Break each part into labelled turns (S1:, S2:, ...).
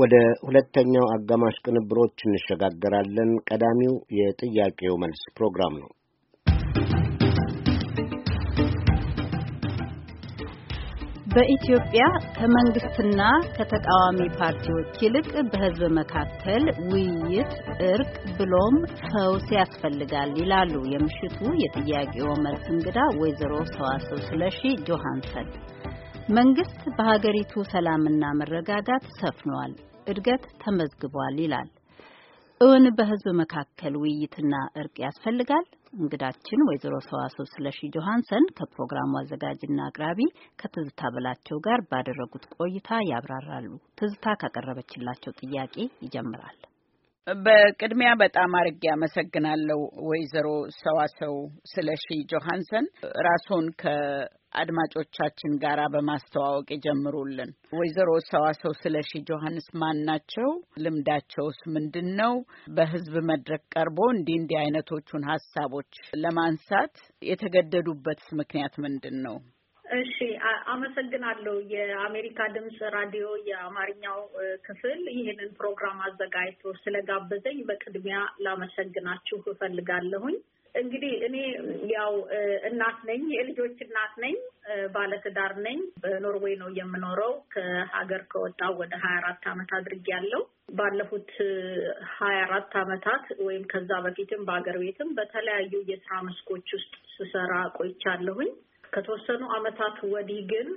S1: ወደ ሁለተኛው አጋማሽ ቅንብሮች እንሸጋገራለን። ቀዳሚው የጥያቄው መልስ ፕሮግራም ነው።
S2: በኢትዮጵያ ከመንግስትና ከተቃዋሚ ፓርቲዎች ይልቅ በሕዝብ መካከል ውይይት፣ እርቅ ብሎም ፈውስ ያስፈልጋል ይላሉ የምሽቱ የጥያቄው መልስ እንግዳ ወይዘሮ ሰዋሰው ስለሺ ጆሃንሰን። መንግስት በሀገሪቱ ሰላምና መረጋጋት ሰፍኗል፣ እድገት ተመዝግቧል ይላል። እውን በህዝብ መካከል ውይይትና እርቅ ያስፈልጋል? እንግዳችን ወይዘሮ ሰዋሰው ስለሺ ጆሃንሰን ከፕሮግራሙ አዘጋጅና አቅራቢ ከትዝታ በላቸው ጋር ባደረጉት ቆይታ ያብራራሉ። ትዝታ ካቀረበችላቸው ጥያቄ ይጀምራል።
S1: በቅድሚያ በጣም አርጌ አመሰግናለሁ ወይዘሮ ሰዋሰው ስለሺ ጆሃንሰን ራስዎን አድማጮቻችን ጋር በማስተዋወቅ ይጀምሩልን። ወይዘሮ ሰዋሰው ስለሺ ጆሀንስ ማን ናቸው? ልምዳቸውስ ምንድን ነው? በህዝብ መድረክ ቀርቦ እንዲህ እንዲህ አይነቶቹን ሀሳቦች ለማንሳት የተገደዱበት ምክንያት ምንድን ነው?
S3: እሺ፣ አመሰግናለሁ። የአሜሪካ ድምፅ ራዲዮ የአማርኛው ክፍል ይህንን ፕሮግራም አዘጋጅቶ ስለጋበዘኝ በቅድሚያ ላመሰግናችሁ እፈልጋለሁኝ። እንግዲህ እኔ ያው እናት ነኝ፣ የልጆች እናት ነኝ፣ ባለትዳር ነኝ። በኖርዌይ ነው የምኖረው። ከሀገር ከወጣ ወደ ሀያ አራት አድርጌ አድርጌያለሁ። ባለፉት ሀያ አራት አመታት ወይም ከዛ በፊትም በሀገር ቤትም በተለያዩ የስራ መስኮች ውስጥ ስሰራ ቆይቻለሁኝ። ከተወሰኑ አመታት ወዲህ ግን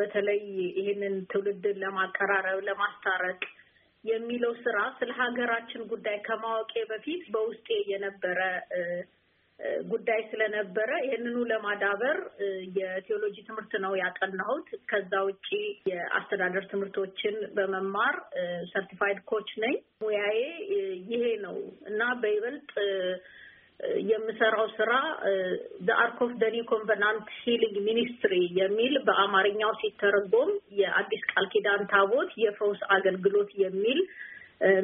S3: በተለይ ይህንን ትውልድን ለማቀራረብ ለማስታረቅ የሚለው ስራ ስለ ሀገራችን ጉዳይ ከማወቄ በፊት በውስጤ የነበረ ጉዳይ ስለነበረ ይህንኑ ለማዳበር የቴዎሎጂ ትምህርት ነው ያጠናሁት። ከዛ ውጪ የአስተዳደር ትምህርቶችን በመማር ሰርቲፋይድ ኮች ነኝ። ሙያዬ ይሄ ነው እና በይበልጥ የምሰራው ስራ አርክ ኦፍ ዘ ኮንቨናንት ሂሊንግ ሚኒስትሪ የሚል በአማርኛው ሲተረጎም የአዲስ ቃል ኪዳን ታቦት የፈውስ አገልግሎት የሚል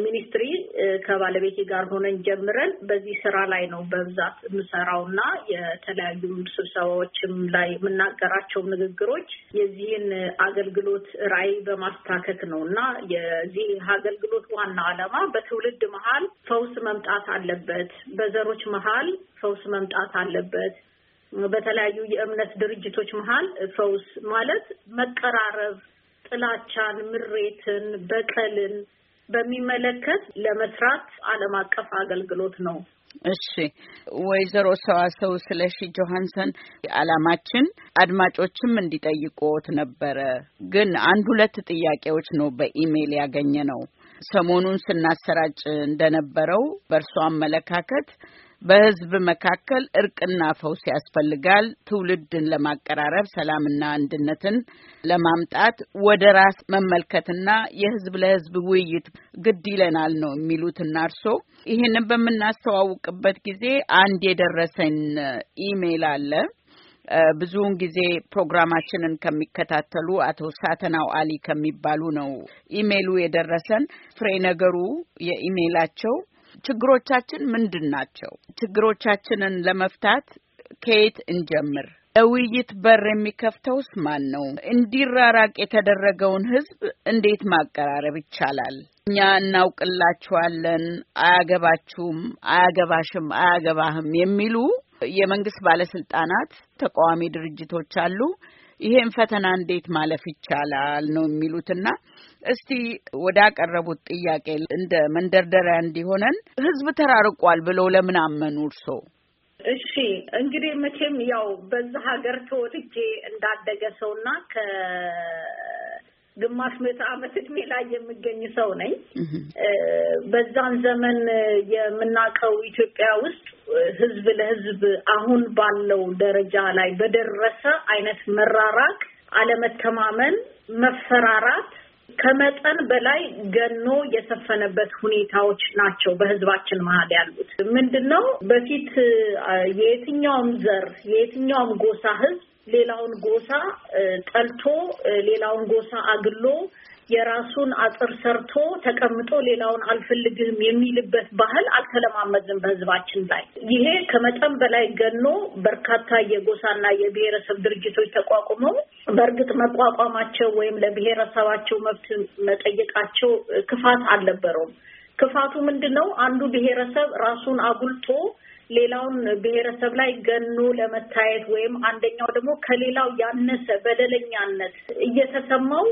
S3: ሚኒስትሪ ከባለቤቴ ጋር ሆነን ጀምረን በዚህ ስራ ላይ ነው በብዛት የምሰራው እና የተለያዩ ስብሰባዎችም ላይ የምናገራቸው ንግግሮች የዚህን አገልግሎት ራዕይ በማስታከክ ነው እና የዚህ አገልግሎት ዋና ዓላማ በትውልድ መሀል ፈውስ መምጣት አለበት፣ በዘሮች መሀል ፈውስ መምጣት አለበት በተለያዩ የእምነት ድርጅቶች መሀል ፈውስ ማለት መቀራረብ፣ ጥላቻን፣ ምሬትን፣ በቀልን በሚመለከት ለመስራት ዓለም አቀፍ አገልግሎት ነው።
S1: እሺ ወይዘሮ ሰዋሰው ስለሺ ጆሀንሰን አላማችን አድማጮችም እንዲጠይቁት ነበረ፣ ግን አንድ ሁለት ጥያቄዎች ነው በኢሜይል ያገኘ ነው። ሰሞኑን ስናሰራጭ እንደነበረው በእርሶ አመለካከት በህዝብ መካከል እርቅና ፈውስ ያስፈልጋል። ትውልድን ለማቀራረብ ሰላምና አንድነትን ለማምጣት ወደ ራስ መመልከትና የህዝብ ለህዝብ ውይይት ግድ ይለናል ነው የሚሉትና እርሶ ይህንን በምናስተዋውቅበት ጊዜ አንድ የደረሰን ኢሜይል አለ። ብዙውን ጊዜ ፕሮግራማችንን ከሚከታተሉ አቶ ሳተናው አሊ ከሚባሉ ነው ኢሜይሉ የደረሰን። ፍሬ ነገሩ የኢሜይላቸው ችግሮቻችን ምንድን ናቸው? ችግሮቻችንን ለመፍታት ከየት እንጀምር? ለውይይት በር የሚከፍተውስ ማን ነው? እንዲራራቅ የተደረገውን ህዝብ እንዴት ማቀራረብ ይቻላል? እኛ እናውቅላችኋለን፣ አያገባችሁም፣ አያገባሽም፣ አያገባህም የሚሉ የመንግስት ባለስልጣናት፣ ተቃዋሚ ድርጅቶች አሉ። ይሄን ፈተና እንዴት ማለፍ ይቻላል ነው የሚሉትና እስቲ ወዳቀረቡት ጥያቄ እንደ መንደርደሪያ እንዲሆነን ህዝብ ተራርቋል ብለው ለምን አመኑ እርሶ?
S3: እሺ እንግዲህ መቼም ያው በዛ ሀገር ተወልጄ እንዳደገ ሰውና ግማሽ ምዕተ ዓመት እድሜ ላይ የምገኝ ሰው ነኝ። በዛን ዘመን የምናውቀው ኢትዮጵያ ውስጥ ህዝብ ለህዝብ አሁን ባለው ደረጃ ላይ በደረሰ አይነት መራራቅ፣ አለመተማመን፣ መፈራራት ከመጠን በላይ ገኖ የሰፈነበት ሁኔታዎች ናቸው በህዝባችን መሀል ያሉት። ምንድን ነው በፊት የየትኛውም ዘር የየትኛውም ጎሳ ህዝብ ሌላውን ጎሳ ጠልቶ ሌላውን ጎሳ አግሎ የራሱን አጥር ሰርቶ ተቀምጦ ሌላውን አልፈልግህም የሚልበት ባህል አልተለማመድንም በህዝባችን ላይ። ይሄ ከመጠን በላይ ገኖ በርካታ የጎሳና የብሔረሰብ ድርጅቶች ተቋቁመው በእርግጥ መቋቋማቸው ወይም ለብሔረሰባቸው መብት መጠየቃቸው ክፋት አልነበረውም። ክፋቱ ምንድን ነው? አንዱ ብሔረሰብ ራሱን አጉልቶ ሌላውን ብሔረሰብ ላይ ገኖ ለመታየት ወይም አንደኛው ደግሞ ከሌላው ያነሰ በደለኛነት እየተሰማው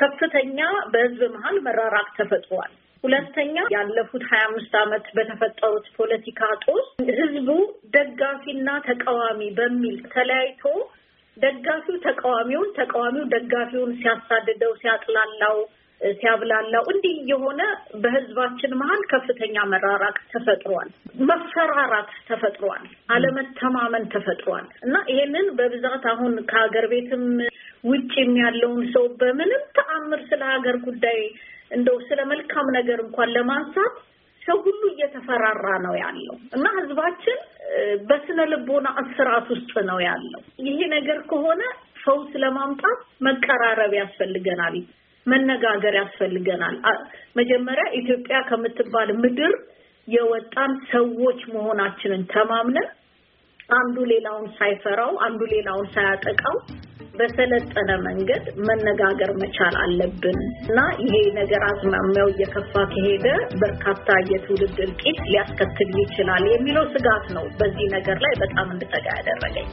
S3: ከፍተኛ በህዝብ መሀል መራራቅ ተፈጥሯል። ሁለተኛ ያለፉት ሀያ አምስት ዓመት በተፈጠሩት ፖለቲካ ጦስ ህዝቡ ደጋፊና ተቃዋሚ በሚል ተለያይቶ ደጋፊው ተቃዋሚውን፣ ተቃዋሚው ደጋፊውን ሲያሳድደው ሲያጥላላው ሲያብላላው እንዲህ የሆነ በህዝባችን መሀል ከፍተኛ መራራቅ ተፈጥሯል። መፈራራት ተፈጥሯል። አለመተማመን ተፈጥሯል እና ይሄንን በብዛት አሁን ከሀገር ቤትም ውጭም ያለውን ሰው በምንም ተአምር ስለ ሀገር ጉዳይ እንደው ስለ መልካም ነገር እንኳን ለማንሳት ሰው ሁሉ እየተፈራራ ነው ያለው እና ህዝባችን በስነ ልቦና እስራት ውስጥ ነው ያለው። ይሄ ነገር ከሆነ ፈውስ ለማምጣት መቀራረብ ያስፈልገናል። መነጋገር ያስፈልገናል። መጀመሪያ ኢትዮጵያ ከምትባል ምድር የወጣን ሰዎች መሆናችንን ተማምነን አንዱ ሌላውን ሳይፈራው፣ አንዱ ሌላውን ሳያጠቃው በሰለጠነ መንገድ መነጋገር መቻል አለብን እና ይሄ ነገር አዝማሚያው እየከፋ ከሄደ በርካታ የትውልድ እልቂት ሊያስከትል ይችላል የሚለው ስጋት ነው በዚህ ነገር ላይ በጣም እንድተጋ ያደረገኝ።